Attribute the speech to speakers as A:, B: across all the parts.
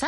A: casa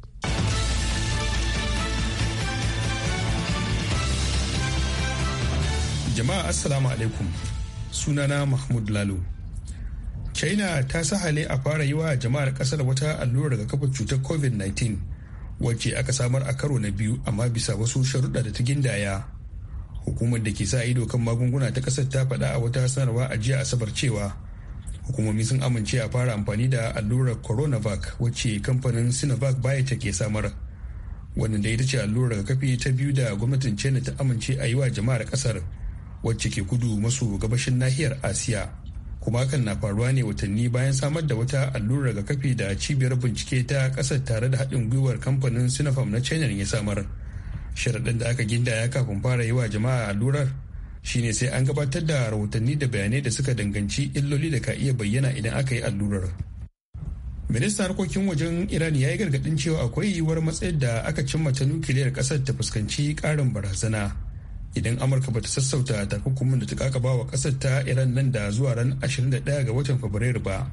B: Jama'a Assalamu alaikum. Sunana Mahmud Lalo. China ta sa sahale a fara yi wa jama'ar kasar wata allurar daga kafa cutar COVID-19 wacce aka samar a karo na biyu amma bisa wasu sharuɗa da ta gindaya. Hukumar da ke sa ido kan magunguna ta kasar ta faɗa a wata sanarwa a jiya Asabar cewa hukumomi sun amince a fara amfani da allurar coronavac wacce kamfanin sinovac biotech ke samar. wannan da ita ce allurar kafi ta biyu da gwamnatin china ta amince a yi wa jama'ar kasar wacce ke kudu maso gabashin nahiyar asiya kuma hakan na faruwa ne watanni bayan samar da wata allurar ga kafi da cibiyar bincike ta kasar tare da haɗin gwiwar kamfanin sinopharm na china ya samar sharaɗin da aka gindaya kafin fara yi wa jama'a allurar shine sai an gabatar da rahotanni da bayanai da suka danganci illoli da ka iya bayyana idan aka yi allurar ministan harkokin wajen iran ya yi gargadin cewa akwai yiwuwar matsayin da aka cimma ta nukiliyar ƙasar ta fuskanci ƙarin barazana idan amurka bata sassauta takunkumin da ta ba wa kasar ta iran nan da zuwa ran 21 ga watan fabrairu ba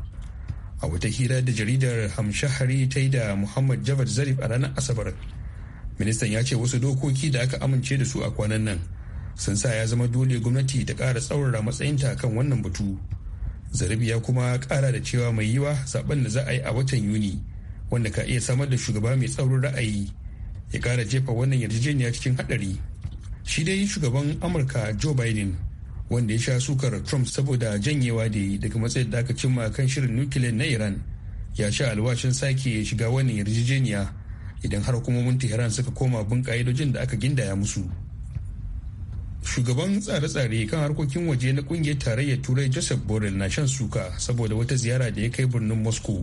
B: a wata hira da jaridar hamshahari ta yi da muhammad javad zarif a ranar asabar ministan ya ce wasu dokoki da aka amince da su a kwanan nan sun sa ya zama dole gwamnati ta kara tsaurara matsayinta kan wannan batu zarif ya kuma kara da cewa mai yiwa zaben da za a yi a watan yuni wanda ka iya samar da shugaba mai tsaurin ra'ayi ya kara jefa wannan yarjejeniya cikin haɗari shi dai shugaban amurka joe biden wanda ya sha sukar trump saboda janyewa da yi daga matsayin da aka cimma kan shirin nukiliyar na iran ya sha alwashin sake shiga wannan yarjejeniya idan har hukumomin tehran suka koma bin ka'idojin da aka gindaya musu shugaban tsare-tsare kan harkokin waje na kungiyar tarayyar turai joseph borrell na shan suka saboda wata ziyara da ya kai birnin moscow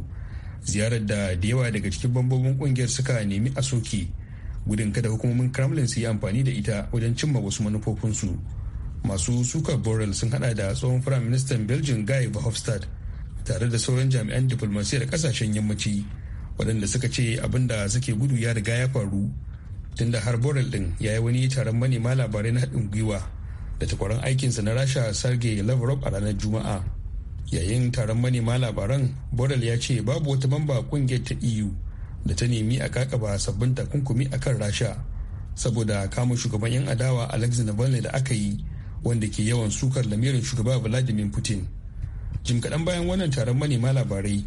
B: ziyarar da da yawa daga cikin bambobin kungiyar suka nemi a soki gudun kada hukumomin kremlin su yi amfani da ita wajen cimma wasu manufofinsu masu sukar borel sun hada da tsohon firaministan belgium guy verhofstadt tare da sauran jami'an diplomasiyar kasashen yammaci waɗanda suka ce abin da suke gudu ya riga ya faru tunda har borel din ya yi wani taron manema labarai na haɗin gwiwa da takwaran aikinsa na rasha sergei lavrov a ranar juma'a yayin taron manema labaran borel ya ce babu wata mamba kungiyar ta eu da ta nemi a kakaba sabbin takunkumi a kan rasha saboda kamun shugaban 'yan adawa alexander navalny da aka yi wanda ke yawan sukar lamirin shugaba vladimir putin jim kaɗan bayan wannan taron manema labarai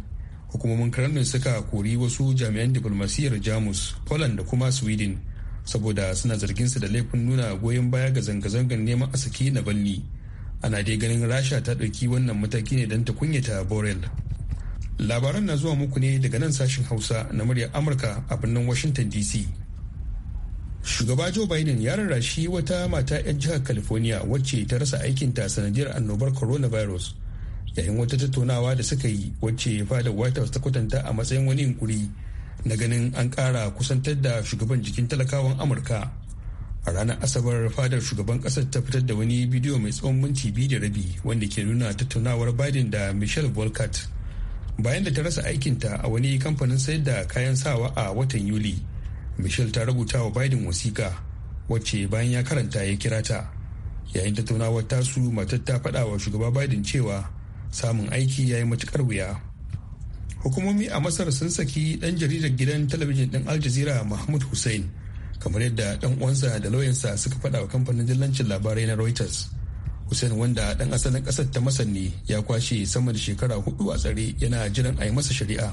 B: hukumomin kremlin suka kori wasu jami'an diflomasiyyar jamus poland da kuma sweden saboda suna zargin da laifin nuna goyon baya ga zanga-zangar neman a saki navalny ana dai ganin rasha ta ɗauki wannan mataki ne don ta kunyata borel labaran na zuwa muku ne daga nan sashen hausa na muryar amurka a birnin washington dc shugaba joe biden ya rarrashi wata mata 'yan jihar california wacce ta rasa aikinta sanadiyar annobar coronavirus yayin wata tattaunawa da suka yi wacce fadar white house ta kwatanta a matsayin wani yunkuri na ganin an kara kusantar da shugaban jikin talakawan amurka a ranar asabar fadar shugaban kasar ta fitar da wani bidiyo mai tsawon minti biyu da rabi wanda ke nuna tattaunawar biden da michelle volkart bayan da ta rasa aikinta a wani kamfanin sayar da kayan sawa a watan yuli michelle ta rubuta wa biden wasiƙa wacce bayan ya karanta ya kira ta yayin tattaunawar tasu matar ta faɗa wa shugaba biden cewa samun aiki ya yi matuƙar wuya hukumomi a masar sun saki ɗan jaridar gidan talabijin ɗin al jazeera mahmud hussein kamar yadda ɗan uwansa da lauyansa suka faɗa wa kamfanin dillancin labarai na reuters hussein wanda dan asalin kasar ta masar ne ya kwashe sama da shekara hudu a tsare yana jiran a yi masa shari'a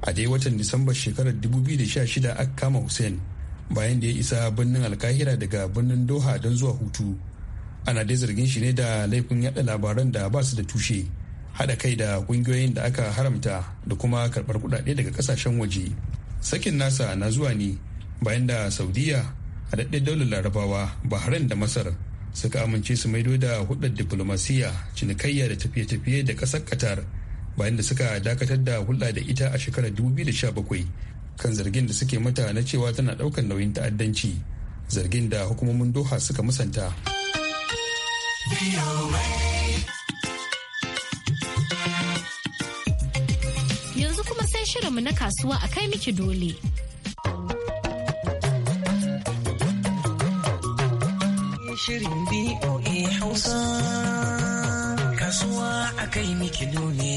B: a dai watan disamba shekarar 2016 aka kama hussein bayan da ya isa birnin alkahira daga birnin doha don zuwa hutu ana dai zargin shi ne da laifin yada labaran da ba su da tushe hada kai da kungiyoyin da aka haramta da kuma karbar kudade daga kasashen waje sakin nasa na zuwa ne bayan da saudiya haɗaɗɗen daular larabawa bahrain da masar suka amince su maido da hudar diplomasiya cinikayya da tafiye-tafiye da ƙasar qatar bayan da suka dakatar da hulɗa da ita a shekarar 2017 kan zargin da suke mata na cewa tana ɗaukar nauyin ta'addanci zargin da hukumomin doha suka musanta
A: yanzu kuma sai shirinmu na kasuwa a kai miki dole
C: shirin BOA Hausa. Kasuwa a kai ne.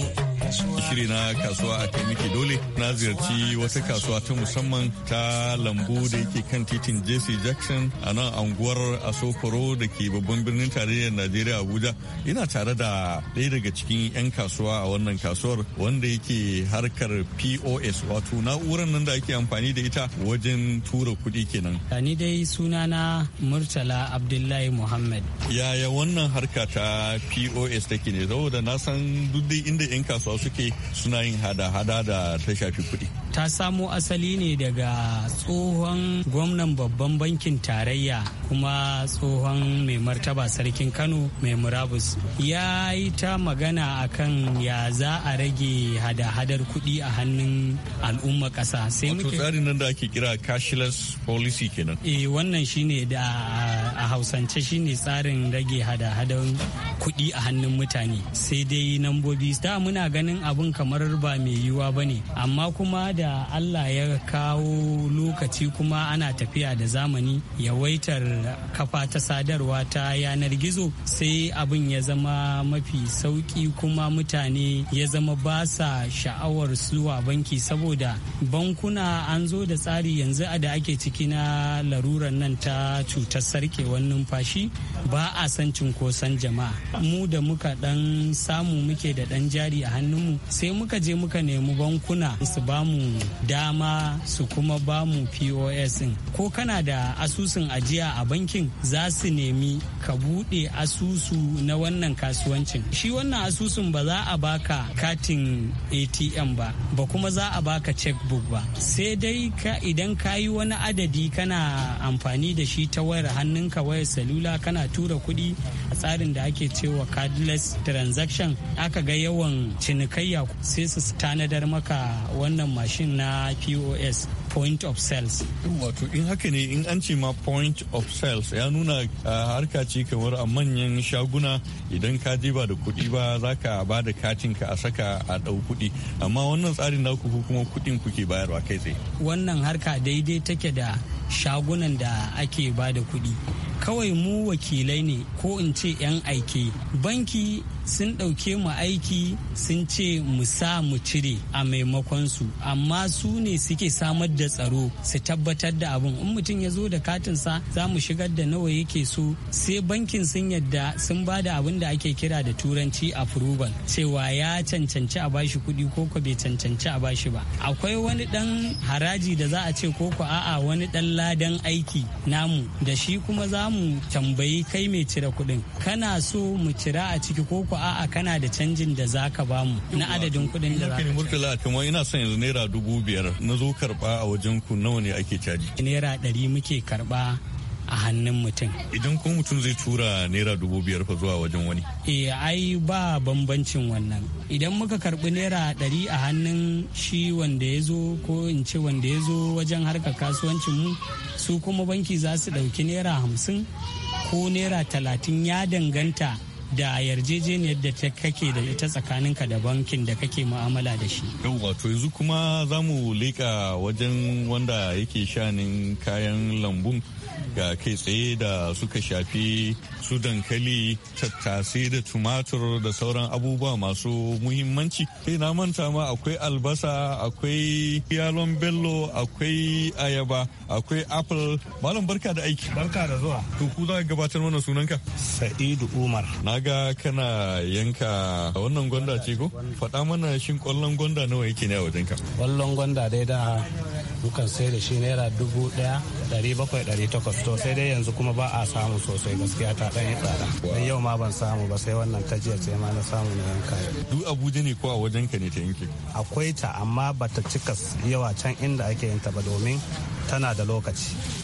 D: shiri na kasuwa a kai dole na ziyarci wata kasuwa ta musamman ta lambu da yake kan titin jesse jackson a nan anguwar asokoro da ke babban birnin tarayyar najeriya abuja ina tare da ɗaya daga cikin 'yan kasuwa a wannan kasuwar wanda yake harkar pos wato na'urar nan da ake amfani da ita wajen tura kuɗi kenan
E: ni dai sunana murtala abdullahi muhammad
D: yaya wannan harka ta pos take ne saboda na san duk inda 'yan kasuwa suke suna yin hada-hada da ta shafi kudi.
E: Ta samo asali ne daga tsohon gwamnan babban bankin tarayya kuma tsohon mai martaba sarkin Kano mai murabus. Ya yi ta magana akan ya za a rage hada-hadar kudi a hannun al'umma ƙasa. Sai muke nan da ake kira
D: cashless policy kenan.
E: Eh wannan shine da a Hausance shine tsarin rage hada-hadar kudi a hannun mutane. Sai dai nambobi da muna ganin ganin abin kamar ba mai yiwuwa ba ne amma kuma da allah ya kawo lokaci kuma ana tafiya da zamani yawaitar kafa ta sadarwa ta yanar gizo sai abin ya zama mafi sauki kuma mutane ya zama ba sa sha'awar suwa banki saboda bankuna an zo da tsari yanzu a da ake ciki na larurar nan ta cutar sarkewar numfashi ba a san cunkoson jama'a mu da muka dan samu muke da dan jari a hannun mu sai muka je muka nemi bankuna su bamu dama su kuma bamu pos din ko kana da asusun ajiya a bankin za su nemi ka buɗe asusu na wannan kasuwancin shi wannan asusun ba za a baka katin atm ba ba kuma za a baka checkbook ba sai dai ka idan ka yi wani adadi kana amfani da shi ta wayar hannunka wayar salula kana tura kuɗi a tsarin da ake cewa cardless transaction aka ga yawan cinik cinikayya sai su tanadar maka wannan mashin na pos point of sales.
D: Wato in haka ne in an ce ma point of sales ya nuna harka ce kamar a manyan shaguna idan ka je ba da kuɗi ba za ka ba da katin ka a saka a ɗau kuɗi amma wannan tsarin naku ko kuma kuɗin kuke bayarwa kai tsaye.
E: Wannan harka daidai take da shagunan da ake ba da kuɗi kawai mu wakilai ne ko in ce 'yan aiki banki sun ɗauke mu aiki sun ce mu sa mu cire a maimakon su amma su ne suke samar da tsaro su tabbatar da abin in mutum ya zo da katinsa za mu shigar da nawa yake so sai bankin sun yadda sun ba da abin da ake kira da turanci approval cewa ya cancanci a bashi kuɗi ko ko bai cancanci a bashi ba akwai wani ɗan haraji da za a ce ko ko a'a wani ɗan ladan aiki namu da shi kuma za mu tambayi kai mai cire kuɗin kana so mu cira a ciki ko ku a'a kana da canjin da za ka ba mu na adadin kuɗin da za ka
D: murtala kuma ina son yanzu naira dubu biyar na zo karɓa a wajen ku nawa ne ake caji
E: naira ɗari muke karɓa a hannun mutum.
D: Idan ko mutum zai tura naira dubu biyar fa zuwa wajen wani.
E: Eh ai ba bambancin wannan. Idan muka karbi naira ɗari a hannun shi wanda ya zo ko in ce wanda ya zo wajen harka kasuwancin mu su kuma banki za su ɗauki naira hamsin ko naira talatin ya danganta da yarjejeniyar da ta kake da ita tsakaninka da bankin da kake mu'amala da shi.
D: Yau wato yanzu kuma za mu leƙa wajen wanda yake shanin kayan lambun ga kai tsaye da suka shafi su dankali tattasai da tumatur da sauran abubuwa masu muhimmanci sai eh, na manta ma akwai albasa akwai yalon bello akwai ayaba akwai apple malam barka da aiki barka da zuwa to ku za gabatar mana sunanka sa'idu umar na ga kana yanka wannan gwanda ce ko faɗa mana shin kwallon gwanda nawa yake ne a wajen ka
F: kwallon gwanda dai da dukan sai da shi naira dubu ɗaya ɗari bakwai ɗari takwas to sai dai yanzu kuma ba a samu sosai gaskiya ta ɗan yi tsada dan yau ma ban samu ba sai wannan ta jiya ce ma na samu na yanka duk abuja ne ko a wajen ka ne ta yanke akwai ta amma bata cika yawa can inda ake yin ta ba domin tana da lokaci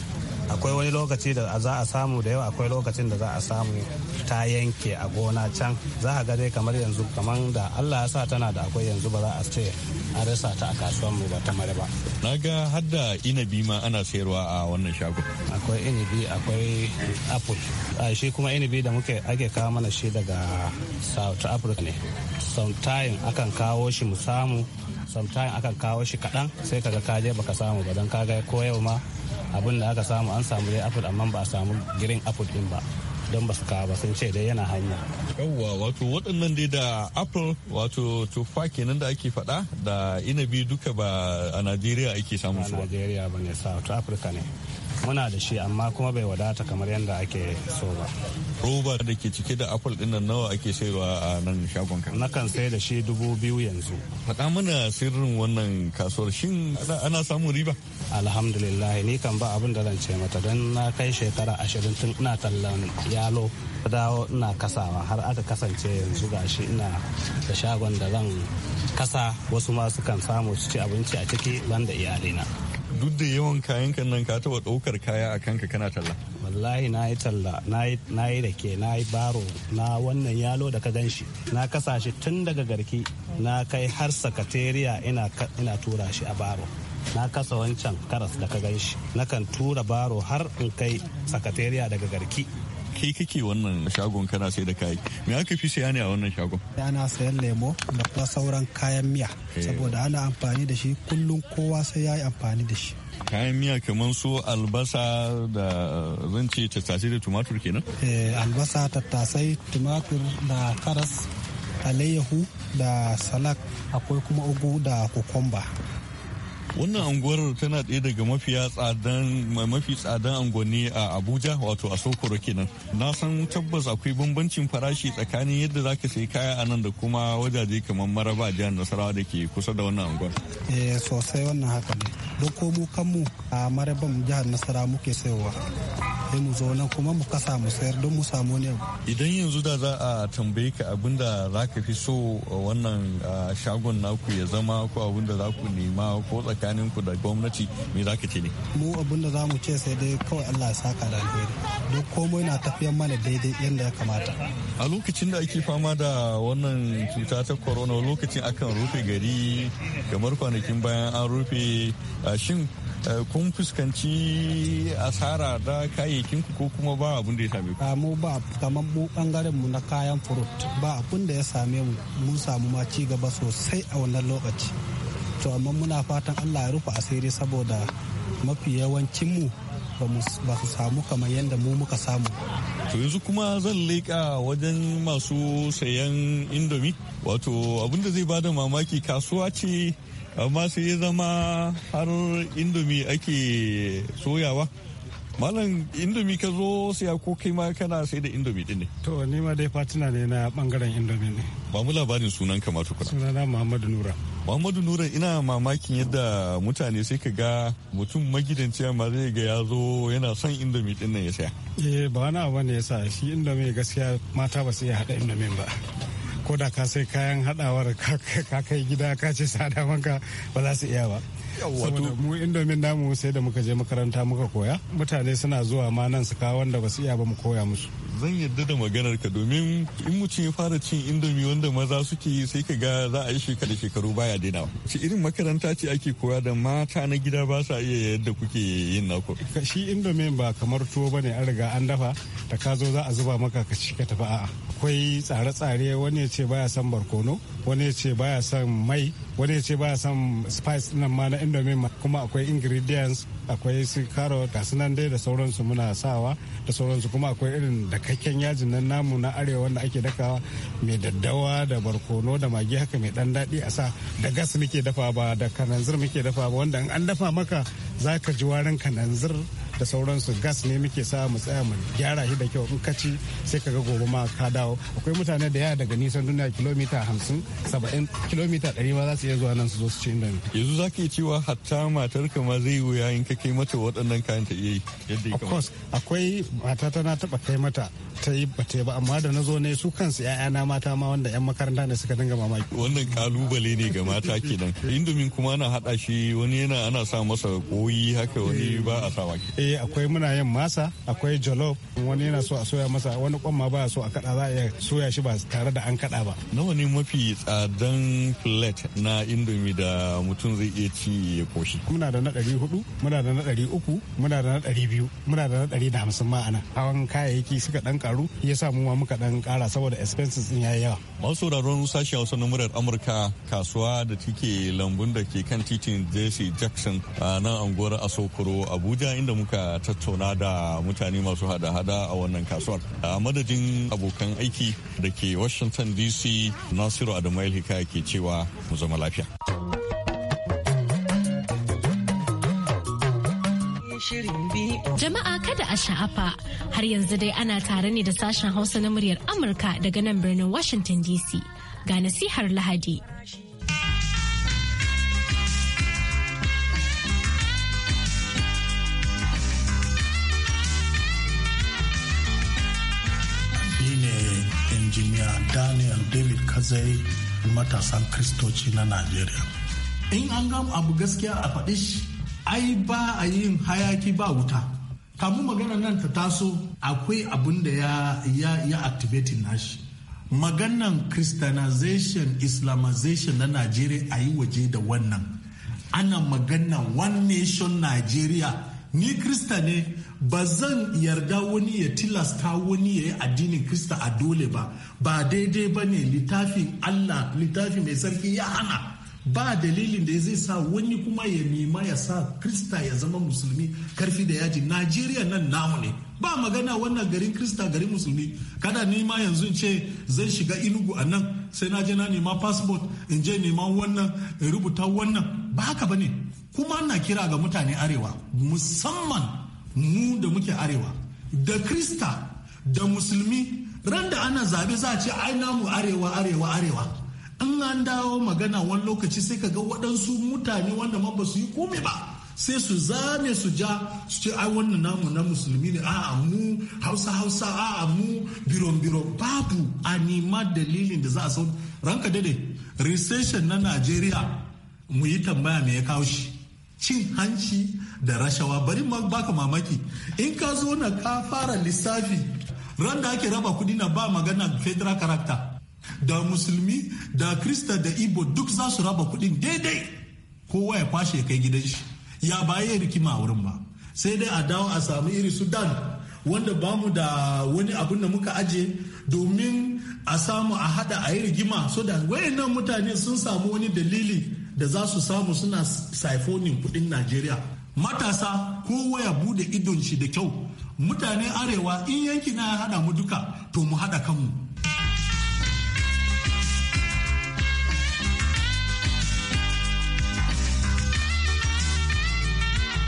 F: akwai wani lokaci da za a samu da yawa akwai lokacin da za a samu ta yanke a gona can za a ga dai kamar yanzu kamar da allah ya sa tana da akwai yanzu ba za a ce an rasa ta a kasuwan mu ba ta mare ba
D: na ga har da inabi ma
F: ana sayarwa a wannan shagon akwai inabi akwai apple shi kuma inabi da muke ake kawo mana shi daga south africa ne sometime akan kawo shi mu samu sometime akan kawo shi kaɗan sai kaga ka je baka samu ba don kaga ko yau ma abin da aka samu an samu dai apple amma ba a samu girin apple din ba don ba su kawo ba sun ce dai yana hanya.
D: yawwa wato waɗannan dai da apple wato tufa kenan da ake faɗa da inabi duka ba a najeriya ake samun su ba. a
F: najeriya ba ne south africa ne. muna da shi amma kuma bai wadata kamar yadda ake so ba roba
D: da ke cike da apple din nan nawa ake sayarwa a nan shagon ka nakan sai da shi dubu biyu yanzu faɗa mana sirrin wannan kasuwar shin
F: ana samun riba alhamdulillah ni kan ba abin da zan ce mata don na kai shekara ashirin tun ina tallan yalo dawo ina kasawa har aka kasance yanzu ga shi ina da shagon da zan kasa wasu masu kan samu su ci abinci a ciki banda iyalina duk da yawan kayan
D: kan nan ka taba ɗaukar kaya a kanka kana talla
F: wallahi na yi talla na yi da ke na yi baro na wannan yalo da ka ganshi na kasa shi tun daga garki na kai har sakateriya ina tura shi a baro na kasa wancan karas da ka ganshi na kan tura baro har in kai sakateriya daga garki
D: kai kake wannan shagon kana sai da kayi me aka fi saya ne a wannan shagon
G: ana sayan lemo da kuma sauran kayan miya eh. saboda ana amfani da shi kullum kowa sai ya yi amfani da shi kayan miya
D: kamar su albasa da zance tattasai da tumatur kenan
G: eh, albasa tattasai tumatur da karas alayyahu da salak akwai kuma ugu da kukumba.
D: wannan unguwar tana ɗaya daga mafiya tsadan mafi tsadan unguwanni a abuja wato a sokoro kenan na san tabbas akwai bambancin farashi tsakanin yadda zaka sayi kaya a nan da kuma wajaje kamar maraba a jihar nasarawa da ke kusa da wannan unguwar
G: eh sosai wannan haka ne duk ko mu kanmu a maraban jihar nasarawa muke sayowa sai mu zo kuma mu kasa mu sayar don mu samu ne
D: idan yanzu da za a tambaye ka abin da za ka fi so uh, wannan uh, shagon naku ya zama ko abin da za ku nema ko tsakanin ku da gwamnati me za ka ce ne
G: mu abin da za mu ce sai dai kawai Allah ya saka da alheri duk komai na tafiyan mana daidai yadda ya kamata
D: a lokacin da ake fama da wannan cuta ta corona lokacin akan rufe gari kamar kwanakin bayan an rufe uh, shin kun fuskanci asara da kayi kayayyakin ku ko kuma ba abun da ya same ku
G: ah, mu ba kamar mu bangaren mu na kayan furut ba abun da ya same mu mun samu ma ci gaba sosai a wannan lokaci to amma muna fatan Allah ya rufe asiri saboda mafi yawancin mu ba su samu kamar yadda mu muka samu
D: to yanzu kuma zan leƙa wajen masu sayan indomi wato abun da zai bada mamaki kasuwa ce amma sai ya zama har indomi ake soyawa malam indomi ka zo siya ko kai ma kana sai da indomi din ne
H: to ni ma dai fatina ne na bangaren indomi ne
D: ba mu labarin sunan ka ma tukuna
H: sunana muhammadu nura
D: muhammadu nura ina mamakin yadda mutane sai ka ga mutum magidanci ma zai ga ya zo yana son indomi din nan ya saya
H: eh ba wani abu ne ya sa shi indomi gaskiya mata ba su iya hada indomi ba ko da ka sai kayan haɗawar ka kai gida ka ce sada wanka ba za su iya ba wato mu indomin namu sai da muka je makaranta muka koya mutane suna zuwa ma nan su kawo wanda ba su iya ba mu koya musu zan yarda da
D: maganar ka domin in mutum ya fara cin indomi wanda maza suke yi sai ka ga za a yi shekara shekaru baya daina shi irin makaranta ce ake koya da mata na gida ba sa iya yadda kuke yin
H: naku shi indomi ba kamar tuwo bane an riga an dafa da ka zo za a zuba maka ka ci ka tafi a'a akwai tsare-tsare wani ya ce baya son barkono wani ya ce baya son mai wani ya ce baya son spice nan ma na indomie ma kuma akwai ingredients akwai su carrot gasu nan dai da sauransu muna sawa da sauransu kuma akwai irin da kakken yajin nan namu na arewa wanda ake dakawa mai daddawa da barkono da magi haka mai dan daɗi a sa da gas muke dafa ba da kananzir muke dafa ba wanda an dafa maka za ka ji warin kananzir da sauransu gas ne muke sa mu tsaya mu gyara shi da kyau in ka ci sai ka ga gobe ma ka dawo akwai mutane da yawa daga nisan duniya kilomita hamsin saba'in kilomita ɗari ma za su iya zuwa nan su zo su ci inda
D: yanzu za ka cewa hatta matar ka ma zai wuya in ka kai mata waɗannan kayan ta iya yi yadda ya kamata
H: akwai mata tana taɓa kai mata ta yi ba ba amma da na zo ne su kansu na mata ma wanda 'yan makaranta ne suka dinga mamaki
D: wannan kalubale ne ga mata kenan indomin kuma na haɗa shi wani yana ana sa masa koyi haka wani ba a sawa ke
H: eh, akwai muna yin masa akwai jollof wani yana so a soya masa wani kwan ma baya so a kada za a iya soya shi ba tare da an kada ba
D: nawa ne mafi tsadan plate na indomie da mutum zai iya ci ya koshi
H: muna da na ɗari hudu muna da na ɗari uku muna da na ɗari biyu muna da na ɗari da hamsin ma ana hawan kayayyaki suka ɗan karu ya sa mu ma muka dan kara saboda expenses din yayi yawa
D: masu sauraron sashen hausa na murar amurka kasuwa da take lambun da ke kan titin jesse jackson a nan anguwar asokoro abuja inda muka tattauna da mutane masu hada-hada a wannan kasuwar. A madadin abokan aiki da ke Washington DC Nasiru Adamu Hikaya ke cewa mu zama lafiya.
A: Jama'a kada a sha'afa har yanzu dai ana tare ne da sashen Hausa na muryar Amurka daga nan birnin Washington DC ga nasihar Lahadi.
I: injiniya daniel david kazai matasan kristoci na nigeria. in an ga abu gaskiya a faɗi shi ai ba a yin hayaki ba wuta kamu magana nan ta taso akwai abin da ya ya ya activating nashi maganan christianization islamization na nigeria a yi waje da wannan ana maganan one nation nigeria. ni krista ne ba zan yarda wani ya tilasta wani ya yi addinin krista a dole ba ba daidai ba ne littafin allah littafi mai sarki ya hana ba dalilin da zai sa wani kuma ya nema ya sa krista ya zama musulmi karfi da yaji najeriya nan namu ne ba magana wannan garin krista garin musulmi kada nema yanzu ce zan shiga inugu a nan sai na je na nema passport in je nema wannan in rubuta wannan ba haka ba ne kuma na kira ga mutane arewa musamman mu da muke arewa da krista da musulmi ran da ana zabe za a ce ai namu arewa arewa arewa in an dawo magana wani lokaci sai ka ga waɗansu mutane wanda ma ba su yi kome ba sai su zame su ja su ce ai wannan namu na musulmi ne a mu hausa hausa a mu biron biron babu a nima dalilin da za a sau ranka dade recession na najeriya mu yi tambaya me ya kawo shi cin hanci da rashawa bari ma baka mamaki in ka zo na ka fara lissafi ran da ake raba kudi na ba magana federal character da musulmi da krista da ibo duk za su raba kudin daidai kowa ya kwashe kai gidan shi ya baye rikima a wurin ba sai dai a dawo a samu iri sudan wanda bamu da wani abun da muka aje domin a samu a hada a yi rigima so da wayannan mutane sun samu wani dalili da za su samu suna saifonin kudin najeriya matasa ko waya bude idon shi da kyau mutane arewa in yanki na ya hada mu duka to mu hada
A: kanmu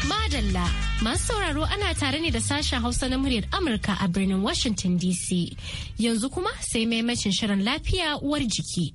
A: Madalla masu sauraro ana tare ne da sashen Hausa na muryar Amurka a birnin Washington DC. Yanzu kuma sai maimacin shirin lafiya uwar jiki.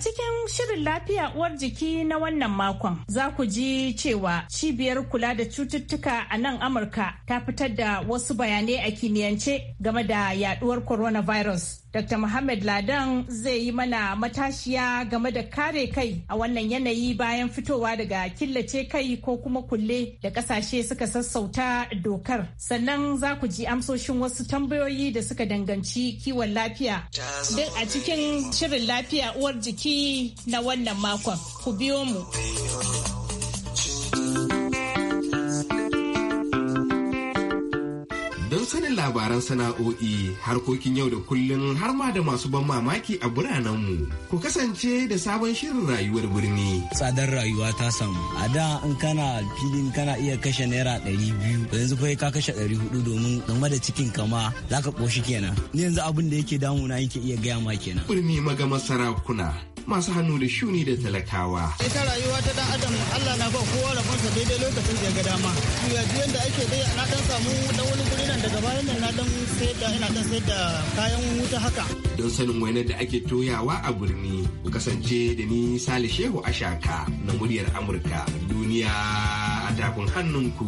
C: cikin shirin lafiya uwar jiki na wannan makon za ku ji cewa cibiyar kula da cututtuka a nan Amurka ta fitar da wasu bayanai a kimiyance game da yaduwar coronavirus. Dr. Muhammad Ladan zai yi mana matashiya game da kare kai a wannan yanayi bayan fitowa daga killace kai ko kuma kulle da kasashe suka sassauta dokar. Sannan za ku ji amsoshin wasu tambayoyi da suka danganci kiwon lafiya. Duk a cikin shirin lafiya uwar jiki na wannan makon. Ku biyo mu.
H: fannin labaran sana'o'i harkokin yau da kullun har ma da masu ban mamaki
E: a biranenmu. Ku kasance da sabon shirin rayuwar birni. Tsadar rayuwa ta samu. A da in kana filin kana iya kashe naira ɗari biyu yanzu fa ka kashe ɗari hudu domin game da cikin kama za ka ƙoshi kenan. Ni yanzu abin da yake damuna yake iya gaya ma kenan. Birni magama sarakuna. masu hannu da shuni da talakawa. Ita rayuwa ta dan adam Allah na ba kowa rabonsa daidai lokacin da ya ga dama. Yanzu yadda ake dai na dan samu dan wani guri nan daga baya wannan nan na dan sayar da ina dan sayar da kayan wuta haka.
B: Don sanin wainar da ake toyawa a birni ku kasance da ni Sale Shehu Ashaka na muryar Amurka
H: duniya a takun hannunku.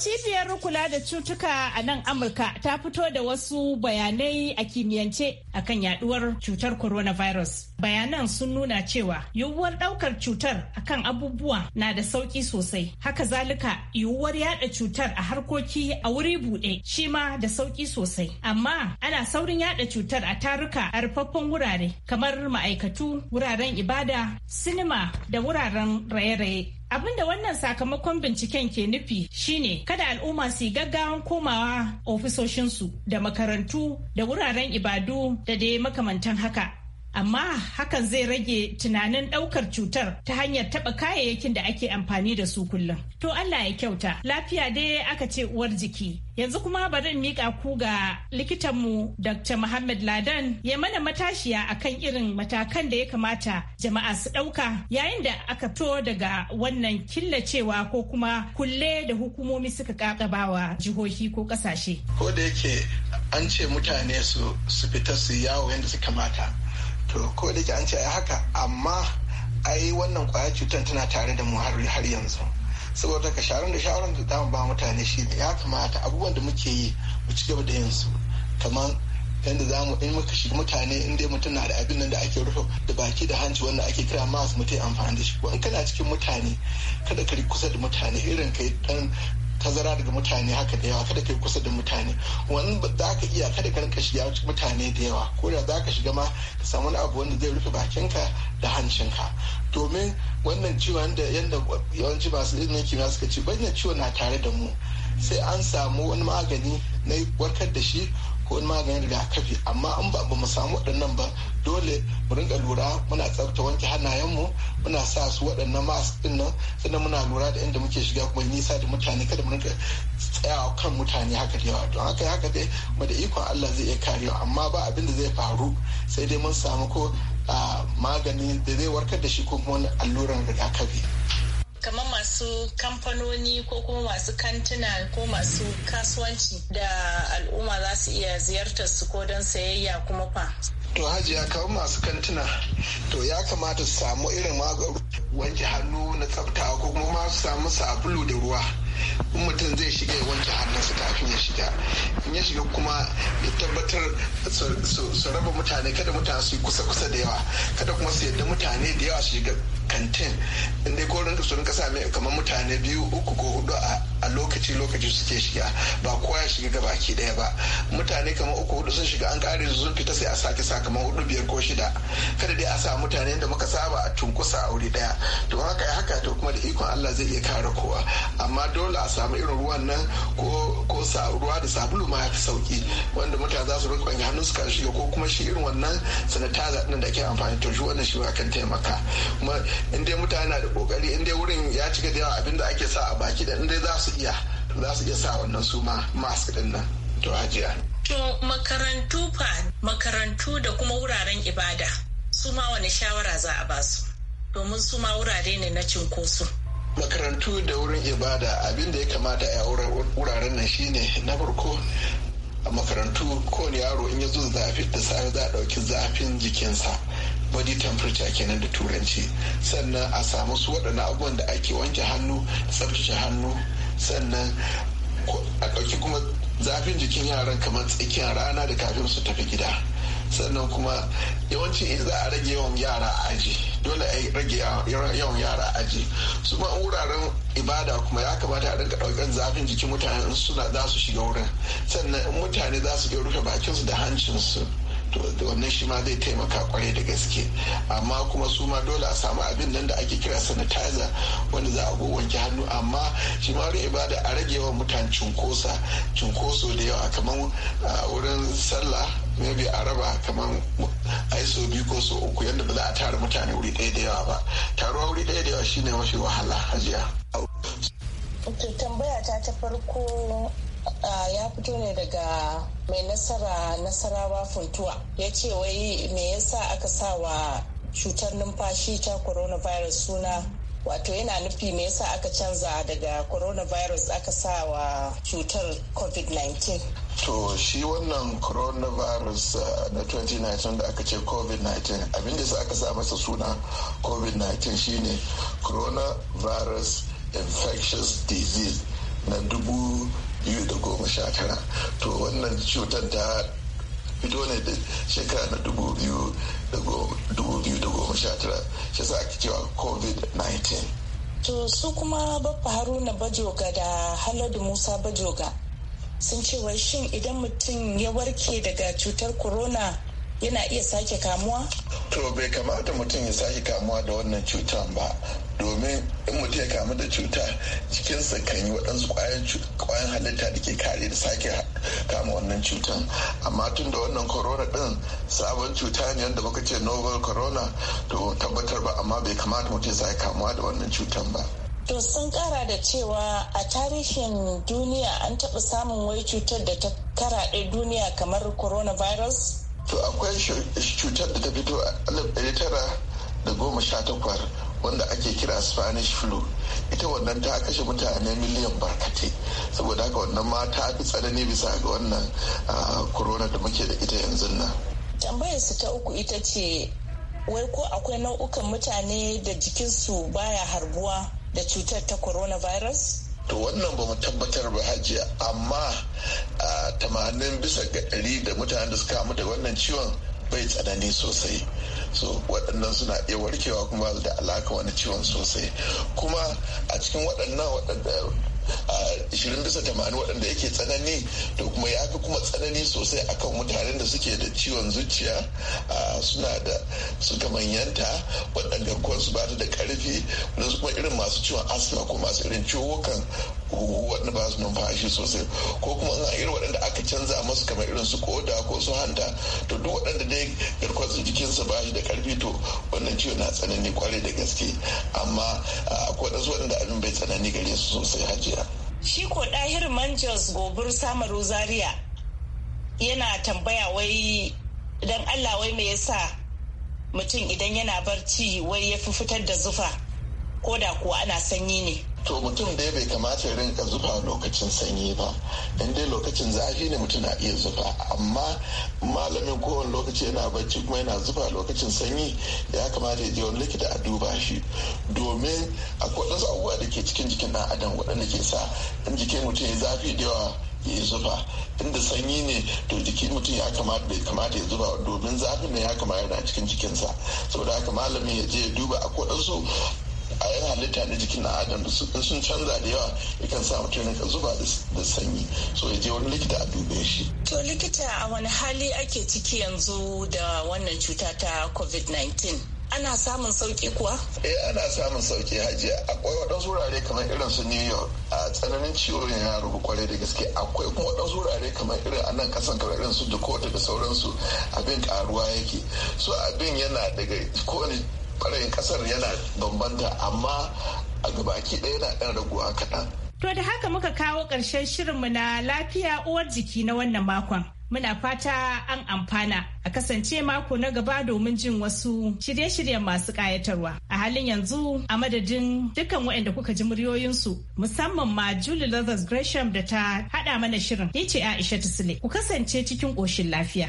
C: cibiyar kula da cutuka a nan Amurka ta fito da wasu bayanai a kimiyyance akan yaduwar cutar coronavirus. Bayanan sun nuna cewa yiwuwar daukar cutar akan abubuwa na da sauki sosai. Haka zalika yiwuwar yada cutar a harkoki a wuri buɗe shi ma da sauki sosai. Amma ana saurin yada cutar a taruka a rufaffen wurare kamar ma'aikatu, wuraren ibada, sinima da wuraren raye-raye. Abin da wannan sakamakon binciken ke nufi shine kada al'umma su yi gaggawan komawa ofisoshinsu da makarantu da wuraren ibadu da dai makamantan haka amma hakan zai rage tunanin ɗaukar cutar ta hanyar taɓa kayayyakin da ake amfani da su kullum. To Allah ya kyauta, lafiya dai aka ce uwar jiki. Yanzu kuma bari in miƙa ku ga likitanmu Dr. Muhammad Ladan ya mana matashiya akan irin matakan da ya kamata jama'a su ɗauka yayin da aka to daga wannan killacewa ko kuma kulle da hukumomi suka ƙaƙabawa jihohi ko ƙasashe.
J: Ko da yake an ce mutane su fita su yawo yadda su kamata. to ko da an ce ai haka amma ai wannan kwaya cutar tana tare da mu har yanzu saboda ka sharon da shawaran da dama ba mutane shi ne ya kamata abubuwan da muke yi mu ci gaba da yin su kamar yadda za mu in muka shiga mutane in dai mutum na da abin nan da ake rufe da baki da hanci wanda ake kira masu mutum amfani da shi ko in kana cikin mutane kada ka kusa da mutane irin kai dan tazara daga mutane haka da yawa kada kai kusa da mutane wani za ka iya kada ka rinka shiga mutane da yawa ko da za ka shiga ma ka samu wani abu wanda zai rufe bakinka da hancinka domin wannan ciwon da yadda yawanci masu yake ma suka ce wannan ciwon na tare da mu sai an samu wani magani na warkar da shi ko wani maganin rigakafi amma an ba mu samu waɗannan ba dole mu rinka lura muna tsafta wanke hannayen mu muna sa su waɗannan mask din nan muna lura da inda muke shiga kuma nisa da mutane kada mu rinka tsayawa kan mutane haka da yawa don haka haka dai mu da ikon Allah zai iya karewa amma ba abin da zai faru sai dai mun samu ko ah, magani da zai warkar da shi ko kuma alluran rigakafi.
C: kamar masu kamfanoni ko kuma masu kantuna ko masu kasuwanci da al'umma za su iya ziyartar su ko don sayayya kuma fa.
J: To hajiya kawo masu kantuna to ya kamata su samu irin magar wanke hannu na tsafta ko kuma ma su samu sabulu da ruwa. in mutum zai shiga ya wanke hannunsa kafin ya shiga in ya shiga kuma ya tabbatar su raba mutane kada mutane su yi kusa-kusa da yawa kada kuma su yadda mutane da yawa su shiga kantin inda ko rinka su rinka sami kamar mutane biyu uku ko hudu a lokaci-lokaci suke shiga ba kowa ya shiga gaba baki daya ba mutane kamar uku hudu sun shiga an kare su sun fita sai a sake sakamakon hudu biyar ko shida kada dai a sa mutane da muka saba a tunkusa a wuri daya to haka ya haka to kuma da ikon Allah zai iya kare kowa amma dole a samu irin ruwan nan ko ko sa ruwa da sabulu ma ya sauki wanda mutane za su rinka hannun su kan shiga ko kuma shi irin wannan sanitizer din da ke amfani to shi wannan shi ma kan taimaka kuma in dai mutane na da kokari in dai wurin ya cika da yawa abinda ake sa a baki da in dai za su iya za su iya sa wannan su ma mask din nan to hajiya.
C: To makarantu fa makarantu da kuma wuraren ibada su ma wani shawara za a basu domin su ma wurare ne na cinkoso.
J: Makarantu da wurin ibada abin da ya kamata a wuraren nan shine na farko a makarantu kowane yaro in ya zo zafi da safe za a ɗauki zafin jikinsa body temperature kenan da turanci sannan a samu su waɗannan abubuwan da ake wanke hannu tsabtace hannu sannan a ɗauki kuma zafin jikin yaran kamar tsakiyar rana da kafin su tafi gida sannan kuma yawanci in za a rage yawan yara aji dole a rage yawan yara aji su ma wuraren ibada kuma ya kamata a rinka ɗaukar zafin jikin mutane in suna za su shiga wurin sannan mutane za su iya rufe bakinsu da hancinsu wannan shi ma zai taimaka kwarai da gaske amma kuma su ma dole a samu abin nan da ake kira sanitizer wanda za a go wanke hannu amma shi ma wurin ibada a rage yawan mutane cunkosa cunkoso da yawa kamar wurin sallah maybe a raba kamar ai biyu ko so uku yadda ba za a tara mutane wuri daya da yawa ba taruwa wuri daya da yawa shine mafi wahala hajiya.
C: Ok tambaya ta ta farko ya fito ne daga mai nasara nasarawa funtuwa ya ce wai me yasa aka sa wa cutar numfashi ta coronavirus suna wato yana nufi me yasa aka canza daga coronavirus aka sa wa cutar covid-19
J: to shi wannan coronavirus uh, na 2019 da aka ce covid-19 abinda sa aka sa masa suna covid-19 shine coronavirus infectious disease na dubu biyu da goma sha tara to wannan cutar ta fito ne da shekara na dubu biyu da goma sha tara shi sa ake cewa covid-19
C: to su kuma baffa haruna bajoga da haladu musa bajoga sun ce wai shin idan mutum ya warke daga cutar corona yana iya sake kamuwa?
J: To bai kamata mutum ya sake kamuwa da wannan cutan ba domin in mutum ya kamu da cuta jikinsa kan yi waɗansu ƙwayan halitta da ke kare da sake kama wannan cutan amma tun da wannan corona ɗin sabon cuta ne yadda muka ce novel corona to tabbatar ba amma bai kamata mutum ya sake kamuwa da wannan cutan ba.
C: To sun kara da cewa a tarihin duniya an taɓa samun wai cutar da ta karaɗe duniya kamar coronavirus?
J: to akwai cutar da ta fito alif ɗari tara da goma sha wanda ake kira spanish flu ita wannan ta kashe mutane miliyan barkate saboda haka wannan ma ta fi tsanani bisa ga wannan ah, corona da muke da ita yanzu nan
C: tambayar su ta uku ita ce wai ko akwai nau'ukan mutane da jikinsu baya harbuwa da cutar ta coronavirus
J: to wannan ba mu tabbatar ba hajiya amma tamanin bisa ga ɗari da mutanen da suka mu da wannan ciwon bai tsanani sosai so waɗannan suna iya warkewa kuma da alaka wani ciwon sosai kuma a cikin waɗannan ashirin bisa tamanin waɗanda yake tsanani to kuma ya fi kuma tsanani sosai akan mutanen da suke da ciwon zuciya suna da suka manyanta waɗanda kwansu ba da ƙarfi wadansu kuma irin masu ciwon asma ko masu irin ciwokan waɗanda ba su numfashi sosai ko kuma ina irin waɗanda aka canza masu kamar irin su koda ko su hanta to duk waɗanda dai garkuwar jikinsa ba shi da karfi to wannan ciwo na tsanani kwarai da gaske amma akwai wadansu waɗanda abin bai tsanani gare su sosai hajiya. shi
C: ko ɗahir manjos gobir samaru zaria yana tambaya wai don allah wai me yasa mutum idan yana barci wai ya fi fitar da zufa
J: ko da kuwa ana sanyi ne to mutum dai bai kamata ya rinka zufa lokacin sanyi ba in dai lokacin zafi ne mutum na iya zufa amma malamin kowane lokaci yana bacci kuma yana zufa lokacin sanyi ya kamata ya je wani likita a duba shi domin akwai wasu abubuwa da ke cikin jikin ɗan adam waɗanda ke sa in jikin mutum ya zafi da yawa ya zuba inda sanyi ne to jikin mutum ya kamata bai kamata ya zuba domin zafin ne ya kamata yana cikin jikinsa saboda haka malamin ya je ya duba akwai wasu a yin halitta na jikin na adam sun canza da yawa yakan sa mutum ya zuba da sanyi so ya je wani likita a dube shi.
C: to likita a wani hali ake ciki yanzu da wannan cuta ta covid-19 ana samun sauki kuwa?
J: eh ana samun sauki hajiya akwai waɗansu wurare kamar irin su new york a tsananin ciwon ya rubu kwarai da gaske akwai kuma waɗansu wurare kamar irin anan nan kasan kamar irin su dakota da sauransu abin karuwa yake so abin yana daga kowane ɓarayin kasar yana bambanta amma a gabaki ɗaya yana ɗan raguwa kaɗan.
C: To da haka muka kawo ƙarshen shirinmu na lafiya uwar jiki na wannan makon. Muna fata an amfana a kasance mako na gaba domin jin wasu shirye-shiryen masu ƙayatarwa. A halin yanzu a madadin dukkan waɗanda kuka ji muryoyinsu musamman ma Julie Lovers Gresham da ta haɗa mana shirin. Ni ce Aisha sile Ku kasance cikin ƙoshin lafiya.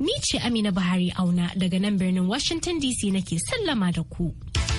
A: Ni ce Amina Buhari auna daga nan birnin Washington DC nake sallama da ku.